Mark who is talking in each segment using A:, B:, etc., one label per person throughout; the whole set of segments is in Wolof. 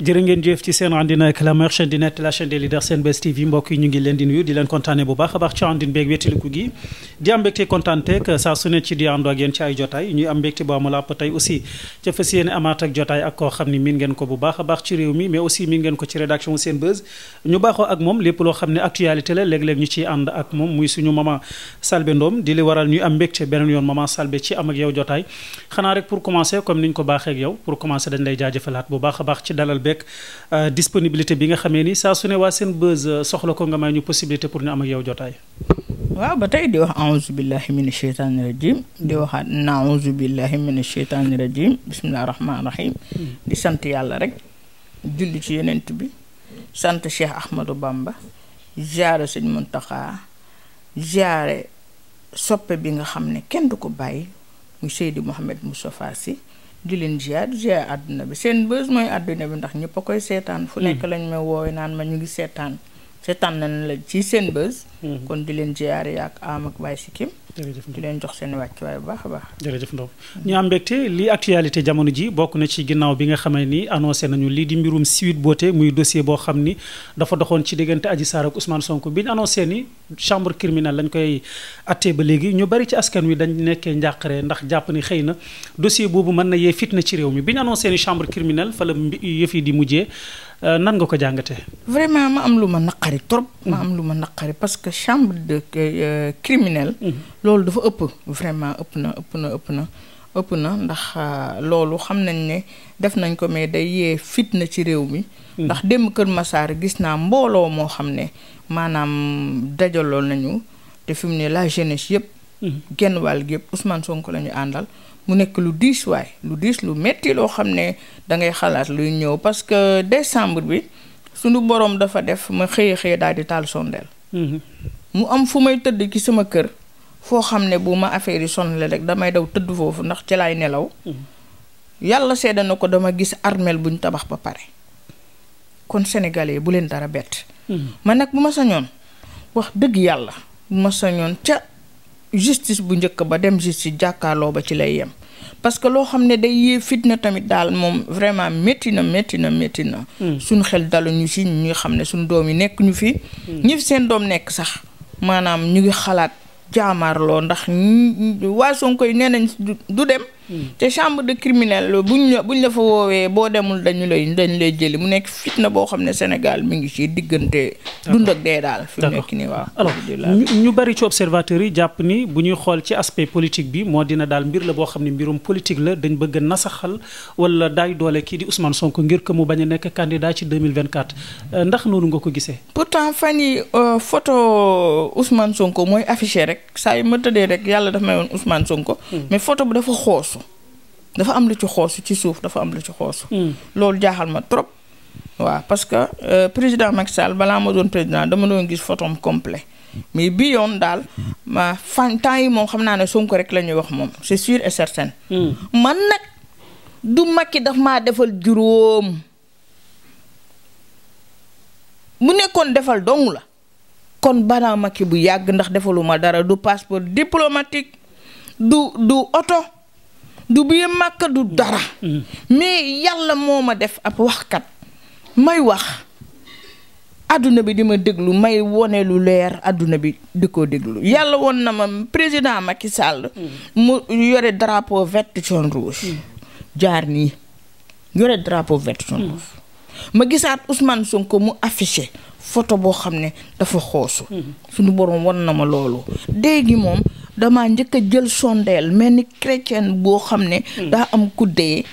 A: jërë ngeen jëf ci seen àndina ak la meilleure chaîne di TV mbokk yi ñu ngi leen di di leen kontaane bu baax a baax ci àndin beeg wéetaliku aussi ca xam ni miin ngeen ko ci réew ko ci rédaction Senbuzz ñu baaxoo ak moom lépp loo xam ne actualité la léeg-léeg ñu ciy ànd ak moom muy suñu maman Selbé Ndom di li waral ñuy am mbégte beneen yoon maman Selbé ci am ak yow jotaay xanaa rek pour commencer comme niñ ko baaxee ak yow pour commencer dañ lay jaajëfalaat bu baax a baax ci dalal beeg euh, disponibilité bi nga xamee ni saa su ne waa seen buzz euh, soxla ko nga may ñu possibilité pour ñu am ak yow jotaay.
B: waaw ba tey di wax aouzu billahi min asheytaani rajim di waxaat na aouzu billahi rajim bismillahi rahmaani rahim hmm. di sant yàlla rek julli ci yenent bi sant Cheikh Ahmadou Bamba jaare sëñ Muntaxa jaare soppe bi nga xam ne kenn du ko bàyyi muy Seydi Mouhamed Moustapha si di leen ziar di àdduna bi seen bës mooy àdduna bi ndax ñëpp a koy seetaan. fu nekk hmm. lañ ma woowe naan ma ñu ngi seetaan. seetaan nañ la ci seen bës. Mm-hmm. kon di leen ziare ak am ak Baye Sikim. jërëjëf di leen jox seen wàccuwaay bu baax a baax.
A: jërëjëf Ndao ñu am mbégte lii actualité jamono ji bokk na ci ginnaaw bi nga xamee ni annoncé nañu lii di mbirum Sweet Beauté muy dossier boo xam ni dafa doxoon ci diggante Adji Sarr ak Ousmane Sonko bi ñu annoncé ni chambre criminelle lañ koy attee ba léegi ñu bari ci askan wi dañ nekkee njàqare ndax jàpp ni xëy na dossier boobu mën na yee fitna ci réew mi bi ñu annoncé ni chambre criminelle fa la di mujjee Euh, nan nga ko jàngatee.
B: vraiment ma am lu ma naqari trop. ma mm-hmm. am lu ma naqari parce que chambre de euh, criminel. Mm-hmm. loolu dafa ëpp vraiment ëpp na ëpp na ëpp na. ëpp na ndax euh, loolu xam nañ ne def nañ ko mais day yee na ci réew mi. Mm-hmm. ndax démb Kër masaar gis naa mbooloo moo xam ne maanaam dajaloo nañu te fi ne la jeunesse yëpp. genn wàll gi yëpp Ousmane sonk la ñu àndal. mu nekk lu diis waay lu diis lu metti loo xam ne da ngay xalaat luy ñëw parce que décembre bi suñu borom dafa def ma xëye xëye daal di taal sondeel mhm. mu am fu may tëdd ci sama kër foo xam ne bu ma affaire yi sonle rek damay daw tëdd foofu ndax ci laay nelaw mhm. yàlla seede na ko dama gis armel buñ tabax ba pare kon sénégalais bu leen dara bett mhm. man nag bu ma sañoon wax dëgg yàlla bu ma sañoon ca justice bu njëkk ba dem justice jàkkaarloo ba ci lay yem parce que loo xam ne day yee fitna tamit daal moom vraiment métti na métti métti na. Hmm. suñu xel daluñu si ñi xam ne suñu doom yi nekk ñu fi. Hmm. ñi fi seen doom nekk sax maanaam ñu ngi xalaat jaamaarloo ndax waa Sonko yi nee nañ du dem. Mm. te chambre de criminel buñ la buñ la fa woowee boo demul dañu lay dañu lay jëli mu nekk fitna boo xam ne Sénégal mu ngi ci diggante. dund ak dee daal. fi nekk nii waaw. alors
A: ñu bari ci observateurs yi jàpp ni bu ñuy xool ci aspect politique bi moo dina daal mbir la boo xam ne mbirum politique la dañ bëgg a nasaxal wala daay doole kii di Ousmane sonk ngir que mu bañ a nekk candidat ci 2024 euh, ndax noonu nga ko gisee.
B: pourtant fan yi euh, photo Ousmane sonk mooy affiché rek saa yu ma tëddee rek yàlla dafa may woon dafa am lu ci xoosu ci suuf dafa am lu ci xoosu. Hmm. loolu jaaxal ma trop. waaw parce que euh, président Macky Sall balaa ma doon président dama doon gis photom complet mais bi yoon daal ma fan yi moom xam naa ne Sonko rek la ñuy wax moom c'est sûr et certain. Hmm. man nag du Macky daf maa defal juróom. mu nekkoon defal dong la. kon banaa Macky bu yàgg ndax defalu ma dara du passeport diplomatique du du oto. du biir màkka du dara. mais yàlla moo ma def ab waxkat may wax àdduna bi di ma déglu may wone lu leer àdduna bi di ko déglu yàlla woon na ma président Macky Sall. mu yore drapeau vert jaune rouge. jaar nii yore drapeau vert jaune rouge. ma gisaat Ousmane Sonko mu affiché. foto boo xam ne dafa xoosu mhm. suñu borom wan na ma loolu dee moom damaa njëkk a jël sondeel mel ni chrétienne boo xam ne mhm. daa am ku dee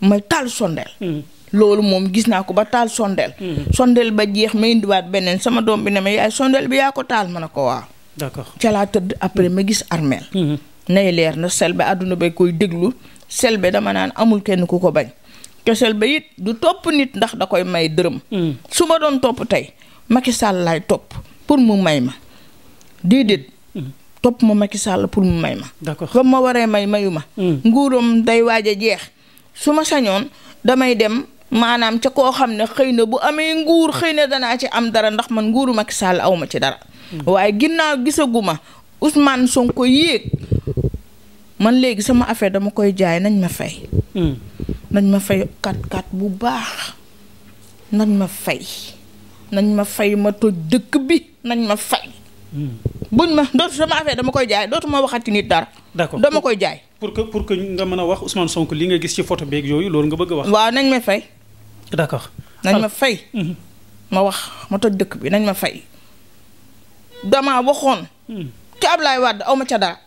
B: may taal sondeel mhm. loolu moom gis naa ko ba taal sondeel sondeel ba jeex ma indiwaat beneen sama doom bi ne ma yaay sondeel bi yaa ko taal ma ne ko waaw d'accord ca tëdd après ma gis armeel nay leer na selbe àdduna bay koy déglu selbe dama naan amul kenn ku ko bañ Kesel ba it du topp nit ndax da koy may dërëm. Hmm. su ma doon topp tey Macky Sall laay topp pour mu may ma déedéet. Hmm. topp ma Macky Sall pour mu may ma. d'accord ba ma waree may mayu ma. Hmm. nguuram day waaj a jeex su ma sañoon damay dem. maanaam ca koo xam ne xëy na bu amee nguur xëy na danaa ci am dara ndax man nguuru Macky Sall ci dara. waaye ginnaaw gisaguma Ousmane Sonko yéeg man léegi sama affaire dama koy jaay nañ ma fay. nañ ma fay kat kat bu baax nañ ma fay nañ ma fay ma toj dëkk bi nañ ma fay. Hmm. buñ ma dootu sama affaire dama koy jaay dootuma
A: waxati nit dara. d'accord dama koy jaay. pour que pour que nga mën a wax Ousmane sonk li nga gis ci photo beeg yooyu loolu nga bëgg a wax. waaw nañ ma fay. d'accord
B: nañ ma fay. Hmm. ma wax ma toj dëkk bi nañ ma fay. dama waxoon. Hmm. ci Ablaye Wade aw ma ca dara.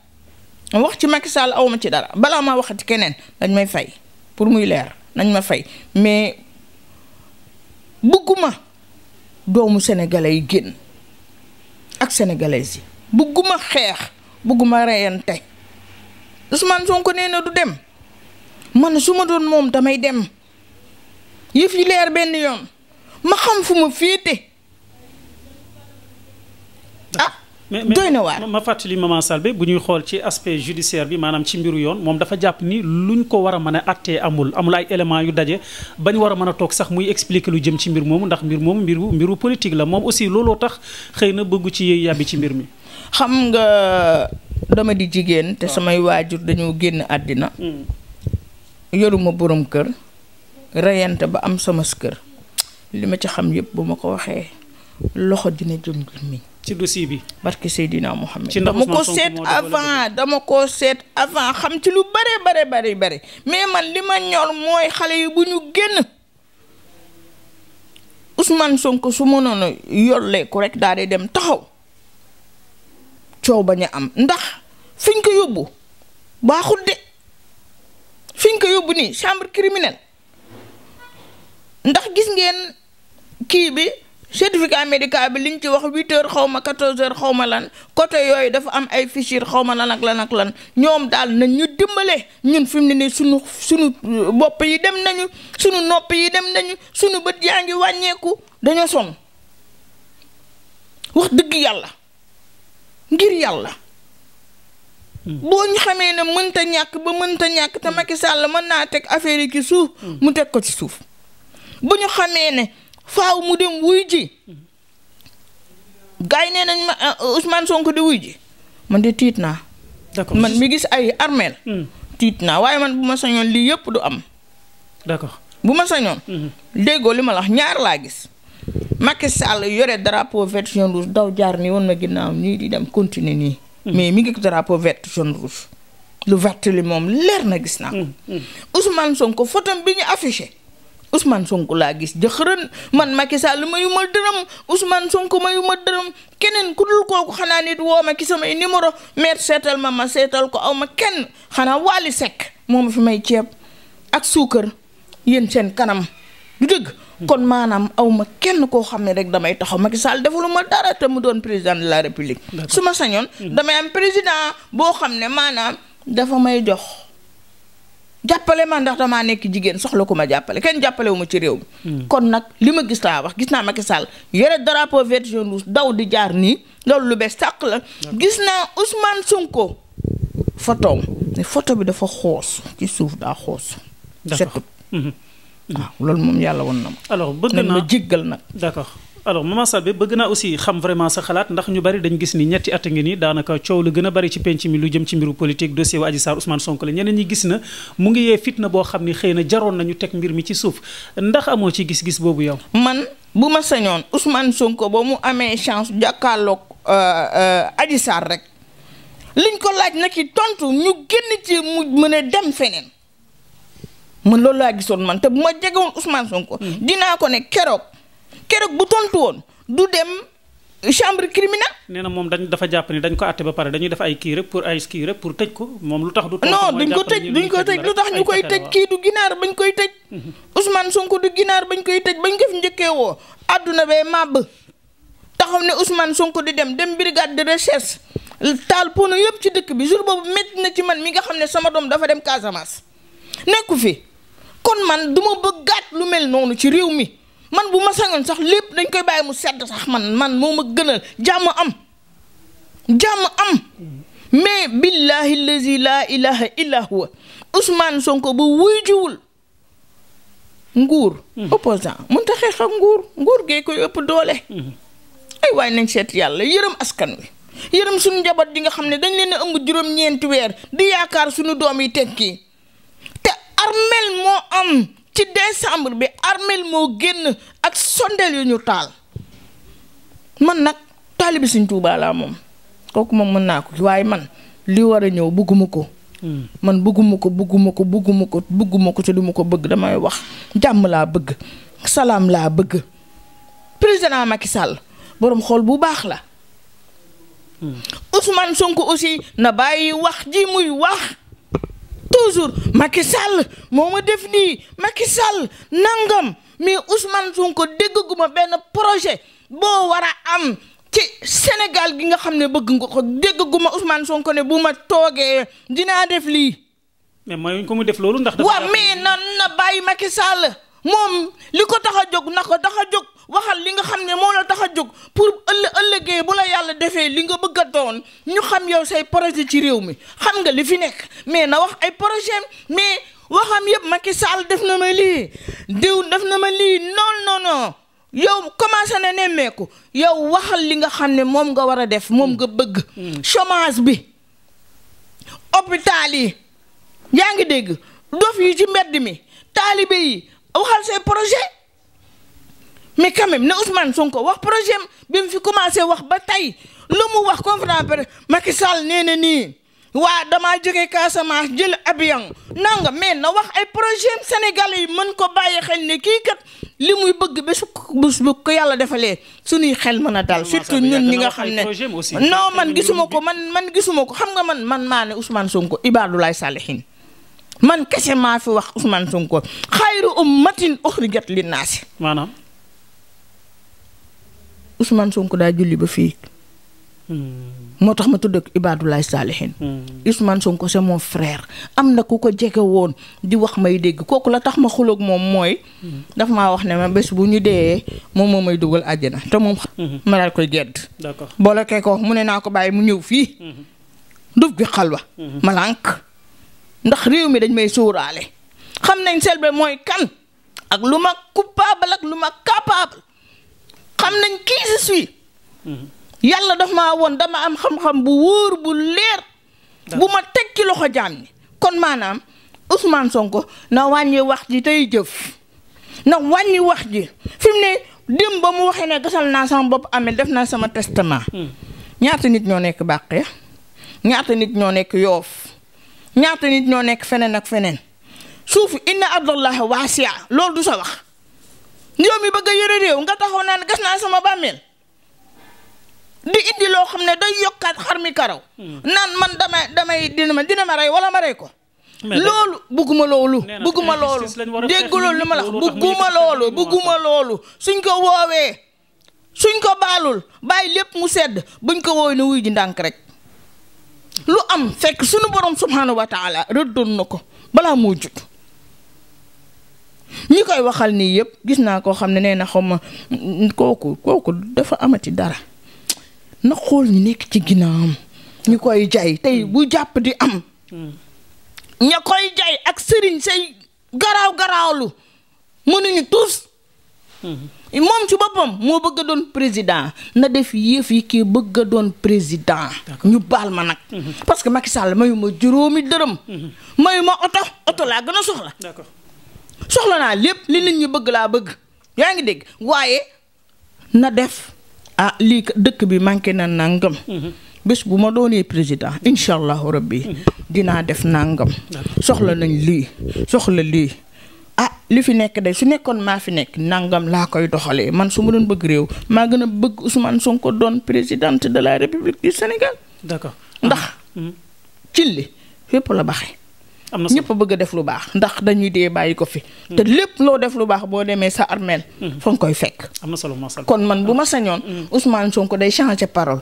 B: wax ci Macky Sall awma ci dara balaa maa waxati keneen dañ may fay. pour muy leer nañ ma fay mais bëgguma doomu sénégalais yi génn ak sénégalaises yi bëgguma xeex bugguma reyante Ousmane Sonko nee na du dem man su ma doon moom damay dem yëf yi leer benn yoon ma xam fu ma féete
A: doy na waar mais ma fàttali maman Selbé bu ñuy xool ci aspect judiciaire bi maanaam ci mbiru yoon moom dafa jàpp ni luñ ko war a mën a àttee amul amul ay éléments yu daje bañ war a mën a toog sax muy expliquer lu jëm ci mbir moomu ndax mbir moomu mbiru mbiru politique la moom aussi looloo tax xëy na bëggu ci yàbbi ci mbir mi. xam nga dama di
B: jigéen te ah. samay waajur dañoo génn àddina. Hmm. yoruma borom kër. reyante ba am sama kër. li ma ci xam yëpp bu ma ko waxee loxo dina jëm ci dossier bi. barke Seydina Mohamed. ci dama ko seet avant dama ko seet avant xam ci lu bare bare bare bare mais man li ma ñor mooy xale yi bu ñu génn Ousmane Sonko su mënoon a rek daal di dem taxaw coow ba a am ndax fiñ ko yóbbu baaxul de fiñ ko yóbbu nii chambre criminelle ndax gis ngeen kii bi. certificat médical bi li liñ ci wax huit heures xaw ma quatorze heures xaw lan côté yooyu dafa am ay fichier xawma ma lan ak lan ak lan ñoom daal nañ ñu dimbale ñun fi mu ne nii sunu sunu euh, bopp yi dem nañu suñu nopp yi dem nañu sunu bët yaa ngi wàññeeku dañoo sonn wax dëgg yàlla ngir yàlla. Hmm. boo ñu xamee ne mënta ñàkk ba mënta ñàkk te Macky Sall mën naa teg affaire yi ci suuf. Hmm. mu teg ko ci suuf bu ñu xamee ne. faaw mu dem wuy ji gars yi nee nañ ma ah, Ousmane Sonko di wuy ji man de tiit naa. d'accord man mi gis ay armeel hmm. tiit naa waaye man bu ma sañoon lii yëpp du am. d'accord bu ma sañoon. Hmm. déggoo li ma la wax ñaar laa gis. Macky Sall yore drapeau vert jaune rouge daw jaar ni woon ma ginnaaw nii di dem continuer nii. Hmm. mais mi ngi drapeau vert jaune rouge. lu vert li moom leer na gis naa ko. Ousmane Sonko photo bi ñu affiché. Ousmane Sonko laa gis jëxërën man Macky Sall mayu ma dërëm Ousmane Sonko mayu ma dërëm keneen ku dul kooku xanaa nit woo ma ki samay numéro maire seetal ma ma seetal ko aw ma kenn xanaa Wally Seck moo ma fi may ceeb ak suukar yéen seen kanam du dëgg kon maanaam aw ma kenn koo xam ne rek damay taxaw Macky Sall defalu ma dara te mu doon président de la république su ma sañoon mm. damay am président boo xam ne maanaam dafa may jox jàppale ma ndax damaa nekk jigéen soxla ku ma jàppale kenn jàppale wu ma ci réew mi. Hmm. kon nag li ma gis laa wax gis naa Macky Sall yore drapeau vert jaune rouge daw di jaar nii loolu lu bees sàq la. gis naa Ousmane Sonko photo ne photo bi dafa xoos ci suuf daa xoos. setut hmm. hmm. loolu moom yàlla woon na ma. alors bëgg naa
A: jéggal nag d'accord alors maman Selbé bëgg naa aussi xam vraiment sa xalaat ndax ñu bari dañu gis ni ñetti at ngi nii daanaka coow lu gën a bari ci penc mi lu jëm ci mbiru politique dossier wu Adji Sarr Ousmane gis na mu ngi yee fitna boo xam ni xëy na jaroon nañu teg mbir mi ci suuf ndax amoo ci gis-gis boobu yow. man bu ma sañoon Ousmane Sonko ba
B: mu amee chance jàkkaarloog euh, euh, Adji Sarr rek liñ ko laaj na ki tontu ñu génn ci mu mën a dem feneen man loolu laa gisoon
A: man te bu ma jegewoon Ousmane Sonko. Hmm. dinaa ko ne keroog. keroog bu tontu woon du dem chambre criminelle. nee na moom dañ dafa jàpp ni dañ ko àtte ba pare dañuy def ay kii rek pour ay kii rek pour tëj ko moom lu tax. du tontu non duñ ko tëj duñ ko tëj lu tax ñu koy tëj kii du ginaar bañ koy tëj. Mhm.
B: Ousmane Sonko du ginaar bañ koy tëj bañ koy njëkkee woo àdduna bee màbb taxaw ne Ousmane Sonko di dem dem brigade de recherche taal pono yëpp ci dëkk bi jour boobu métti na ci man mi nga xam ne sama doom dafa dem Casamance nekku fi kon man du ma bëggaat lu mel noonu ci réew mi. man bu ma sañoon sax lépp dañ koy bàyyi mu sedd sax man man moo ma gënal jàmm am jàmm am mais billahi lazi laa ilaha illa huwa Sonko bu wuy nguur hmm. opposant mën ta nguur nguur gee koy ëpp doole hmm. ay waaye nañ seet yàlla yërëm askan wi yërëm suñu njaboot yi nga xam ne dañ leen a ëmb juróom-ñeenti weer di yaakaar suñu doom yi tekki te armel moo am ci décembre bi armel moo génn ak sondeel yu ñu taal man nag taalibi Sëñ Tuubaa laa moom kooku moom mën naa ko waaye man li war a ñëw bëgguma ko hmm. man bëgguma ko bëgguma ko bëgguma ko bëgguma ko te duma ko bëgg damay wax jàmm laa bëgg salaam laa bëgg président Macky sàll boroom xool bu baax la hmm. Ousmane Sonko aussi na bàyyi wax ji muy wax toujours Macky Sall moo ma def nii Macky Sall nangam mais Ousmane Sonko dégguma benn projet boo waraa am ci senegal gi nga xam ne bëgg nga ko dégguma Ousmane Sonko ne bu ma toogee dinaa def lii. mais mooy ko mu def loolu ndax. dafa waaw mais na na bàyyi Macky Sall moom li ko tax a jóg na ko tax jóg waxal li nga xam ne moo la tax a jóg pour ëllë ëllëgee bu la yàlla defee li nga bëgg a doon ñu xam yow say projet ci réew mi xam nga li mais na wax ay projet mais waxam yëpp Macky Sall def na ma lii diw def na ma lii non non non yow commencé na nemmeeku yow waxal li nga xam ne moom nga war a def moom nga bëgg. Hmm. chômage bi hôpital yi yaa ngi dégg dof yi ci mbedd mi taalibe yi waxal say projet mais quand même na Ousmane wax projet bi mu fi commencé wax ba tey lu mu wax conférence Macky Sall nee na nii. waa damaa jóge Casamance jël avion nanga mais na wax ay projet senegal yi mën ko bàyyi xel ne kii kat li muy bëgg ba su bu ko yàlla defalee su nuy xel mën a dal surtout ñun nga xam ne
A: non man gisuma
B: ko man man gisuma ko xam nga man man maa ne Ousmane Sonko Ibadulaay Salihin man kese maa fi wax Ousmane Sonko xayru ummatin uxrijat li naasi maanaam Ousmane Sonko daa julli ba fii hmm. moo tax ma tudd ak Ibadulaay Saalihin hmm. Ousmane Sonko c'est mon frère am na ku ko jege woon di wax may dégg kooku la tax ma xuloog moom mooy hmm. dafa maa wax ne ma bés bu ñu dee moom moo may dugal na te moom hmm. ma daal koy gedd ko mu naa ko bàyyi mu ñëw fii duf ndax réew mi dañ may sóoraale xam nañ Selbé mooy kan ak lu ma coupable ak lu ma capable xam nañ kii je yàlla daf ma woon dama am xam-xam bu wóor bu leer. bu ma teg ci loxo jaam ni kon maanaam Ousmane Sonko na wàññi wax ji tey jëf na wàññi wax ji fi mu ne démb ba mu waxee ne gasal naa sama bopp amee def naa sama testament. Hmm. ñaata nit ñoo nekk Bàqe ñaata nit ñoo nekk Yoof ñaata nit ñoo nekk feneen ak feneen suuf inna ardallahi waasia loolu du sa wax. yow mi bëgg a yore réew nga naa naan gas naa sama bàmmeel di indi loo xam ne day yokkaat xar mi karaw. Hmm. naan man damay damay dina ma dina ma rey wala ma rey ko. loolu bugguma loolu bugguma loolu dégg loolu li ma la bugguma loolu bugguma loolu suñ ko woowee suñ ko baalul bàyyi lépp mu sedd buñ ko woow ne wuy ji ndànk rek lu am fekk suñu borom subhaanahu wa taala rëddoon na ko balaa moo jug ñi koy waxal nii yëpp gis naa koo xam ne nee na xaw ma kooku kooku dafa amati dara na xool ñu nekk ci ginnaawam ñu koy jaay tey bu jàpp di am ña koy jaay ak sëriñ say garaaw garaawlu mënuñu tous moom ci boppam moo bëgg a doon président na def yëf yi kii bëgg a doon président ñu baal ma nag parce que Macky Sall mayu ma juróomi dërëm mayu ma oto oto laa gën a soxla soxla naa lépp li nit ñu bëgg laa bëgg yaa ngi dégg waaye na def ah lii ko dëkk bi manqué na nangam. Mhm. bés bu ma doonee président incha allahu rabbi mhm. dinaa def nangam. soxla nañ lii soxla lii. ah li fi nekk de su nekkoon maa fi nekk nangam laa koy doxalee man su ma doon bëgg réew maa gën a bëgg Ousmane Sonko doon présidente de la République du Sénégal.
A: d'accord ndax. Ah,
B: mhm. ci li fépp la baxe am na ñëpp bëgg a def lu baax ndax dañuy dee bàyyi ko fi. te hmm. lépp loo def lu baax boo demee sa armeel. Hmm. foo nga koy fekk. am na solo kon man bu ma sañoon. Hmm. Ousmane Sonko day changer parole.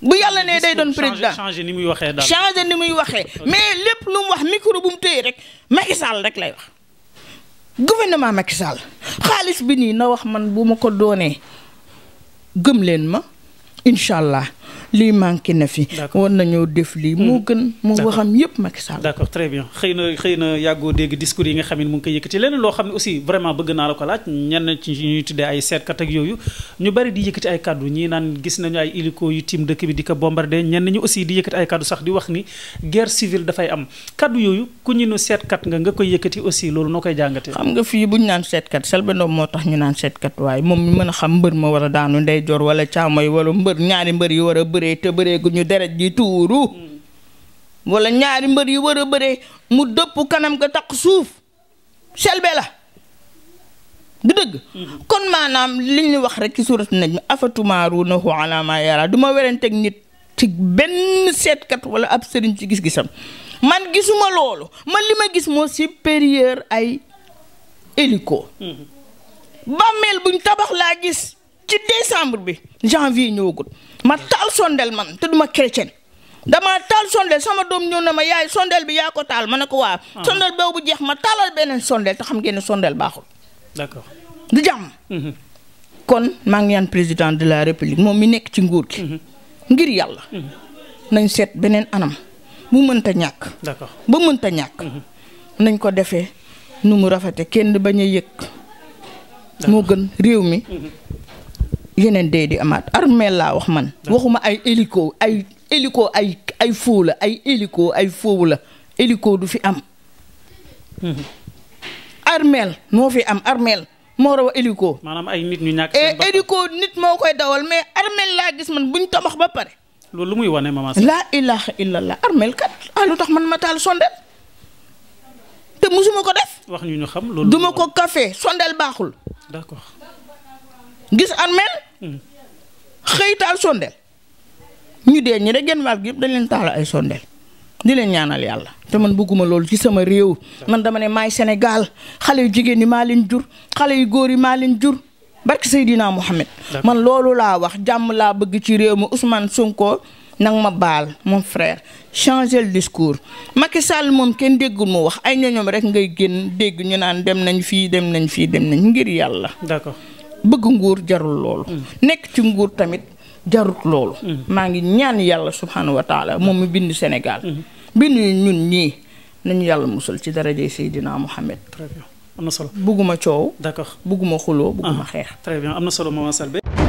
A: bu yàlla nee day doon président changer ni muy waxee daal
B: changer ni waxee mais lépp lu mu wax micro bu mu téye rek Macky Sall rek lay wax. gouvernement Macky Sall xaalis bi nii na wax man bu ma ko doonee gëm leen ma incha allah. lii manqué na fi. war nañoo def lii. moo hmm. gën moo na
A: xëy na yàggoo dégg discours yi nga xam ko bi di ko bombardé ñenn ñu aussi di yëkkati ay kaddu sax di wax ku ñu nu seetkat nga nga koy yëkkati aussi loolu noo koy jàngatee. xam nga fii bu ñu naan seetkat
B: Selbé Ndom moo tax ñu naan seetkat moom mi a xam mbër ma war a daanu ndeyjoor wala caamoy wala mbër ñaari mbër yi war a bër te bëreeku ñu deret ji tuuru wala ñaari mbër yu war a bëree mu dëpp kanam ga taq suuf selbe la du dëgg kon maanaam li ñu wax rek ci surat najm afatumaaruunahu alaa maa yaraa du duma weranteeg nit ci benn seetkat wala ab sëriñ ci gis-gisam man gisuma loolu man li ma gis moo supérieur ay hélico mm-hmm. bàmmeel buñ tabax laa gis ci décembre bi janvier ñëwagul ma taal sondel man te duma chrétien damaa taal sondel sama doom ñëw na ma yaay sondel bi yaa ko taal ma ne ko waa ah. sondel boobu jeex ma taalal beneen sondel te xam ngeen ne sondel baaxul. d'accord du jàmm. Mhm. kon maa ngi ñaan président de la république moom mi nekk ci nguur gi. Mhm. ngir yàlla. Mhm. nañ seet beneen anam bu mënta ñàkk. d'accord ba mënta ñàkk. nañ ko defee nu mu rafete kenn bañ a yëg. moo gën réew mi. yeneen dee di amaat armeel laa wax man. waxuma ay hélico ay hélico ay ay foo la ay hélico ay foo la hélico du fi am. Hmm. armeel moo fi am armeel moo raw hélico.
A: maanaam ay nit ñu ñàkk eh,
B: nit moo koy dawal mais armeel laa gis man buñ tabax ba pare.
A: loolu lu muy wane maman laa
B: ilaaha illallah armeel kat ah lu tax man ma taal sondel te musuma ko def.
A: wax ñu ñu xam
B: loolu duma ko café sondel baaxul. d'accord. gis armeel xëy taal sondeel ñu dee ñu rek genn wàll gi dañ leen taal ay sondeel di leen ñaanal yàlla te man bëgguma loolu ci sama réew man dama ne maay Sénégal xale yu jigéen yi maa leen jur xale yu góor yi maa leen jur barki Seydina Mohamed man loolu laa wax jàmm laa bëgg ci réew mi Ousmane Sonko nag ma baal mon frère changer le discours Macky Sall moom kenn déggul mu wax ay ñoñom rek ngay génn dégg ñu naan dem nañ fii dem nañ fii dem nañ ngir yàlla d'accord bëgg nguur jarul loolu. Mm. nekk ci nguur tamit jarut loolu. Mm. maa ngi ñaan yàlla subhanahu wa moom mu bind Sénégal. Mm. bind ñun ñii nañu yàlla musal ci darajay Seydina Mohamed.
A: très bien am na solo. bugguma coow. d'accord bugguma xuloo ah, bugguma xeex. très am na solo maman Selbé